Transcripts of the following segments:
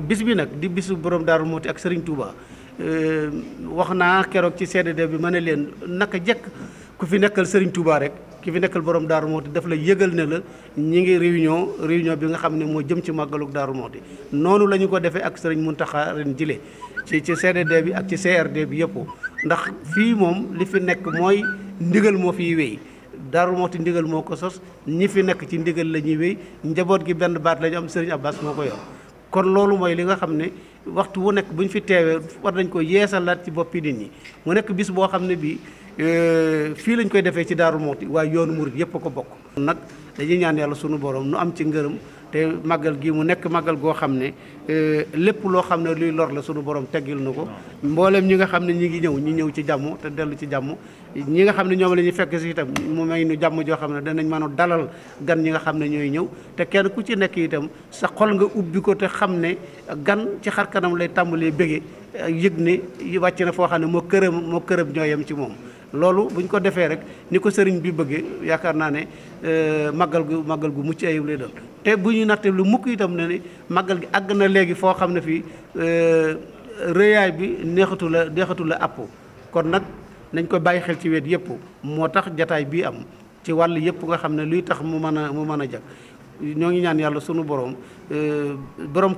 bis bi nag di bisu borom Daaru mooti ak Serigne Touba euh, wax naa keroog ci CDD bi ma ne leen naka jekk ku fi nekkal Serigne Touba rek ki fi nekkal borom Daaru Muxti daf la yëgal ne la ñi ngi réunion réunion bi nga xam ne moo jëm ci màggalug Daaru Muxti noonu la ñu ko defee ak Serigne Mountakha ren jile ci ci CDD bi ak ci CRD bi yëpp ndax fii moom li fi nekk mooy ndigal moo fiy wéy Daaru Muxti ndigal moo ko sos ñi fi nekk ci ndigal la ñuy wéy njaboot gi benn baat la ñu am Serigne Abbas moo ko yor kon loolu mooy li nga xam ne waxtu wu nekk bu ñu fi teewee war nañ ko yeesalaat ci boppi nit ñi mu nekk bis boo xam ne bii euh, fii lañ koy defee ci Daaru Muxti waaye yoonu murit yëpp a ko bokk. nag dañuy ñaan yàlla sunu borom nu am ci ngërëm. te màggal gii mu nekk màggal goo xam ne euh, lépp loo xam ne luy lor la suñu borom teggil na ko mboolem ñi nga xam ne ñi ngi ñëw ñu ñëw ci jàmm te dellu ci jàmm ñi nga xam ne ñoom la ñuy fekk si itam mu may nu jàmm joo xam ne danañ mën a dalal gan ñi nga xam ne ñooy ñëw te kenn ku ci nekk itam sa xol nga ubbi ko te xam ne gan ci xar kanam lay tàmbalee bége yëg ne wàcc na foo xam ne moo këram moo këram ñoo yem ci moom loolu bu ñu ko defee rek ni ko sëriñ bi bëggee yaakaar naa ne euh, màggal gu màggal gu mucc ayib lay doon te bu ñu nattee lu mukk itam ne ni màggal gi àgg na léegi foo xam ne fii euh, rëyaay bi neexatu la neexatu la àpp kon nag nañ ko bàyyi xel ci wet yëpp moo tax jataay bii am ci wàll yëpp nga xam ne luy tax mu mën a mu mën a jag ñoo ngi ñaan yàlla sunu borom euh, borom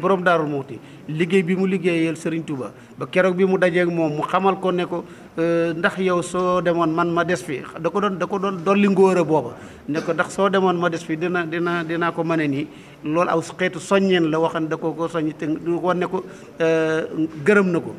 borom daarul muuti liggéey bi mu liggéeyal Serigne ba ba keroog bi mu dajeeg moom mu xamal ko ne ko euh, ndax yow soo demoon man ma des fi da ko doon da ko doon dolli ngóora booba ne ko ndax soo demoon ma des fi dina dina dinaa ko mane nii loolu aw xeetu soññeen la waxan da ko ko soññ te wan ne ko euh, gërëm na ko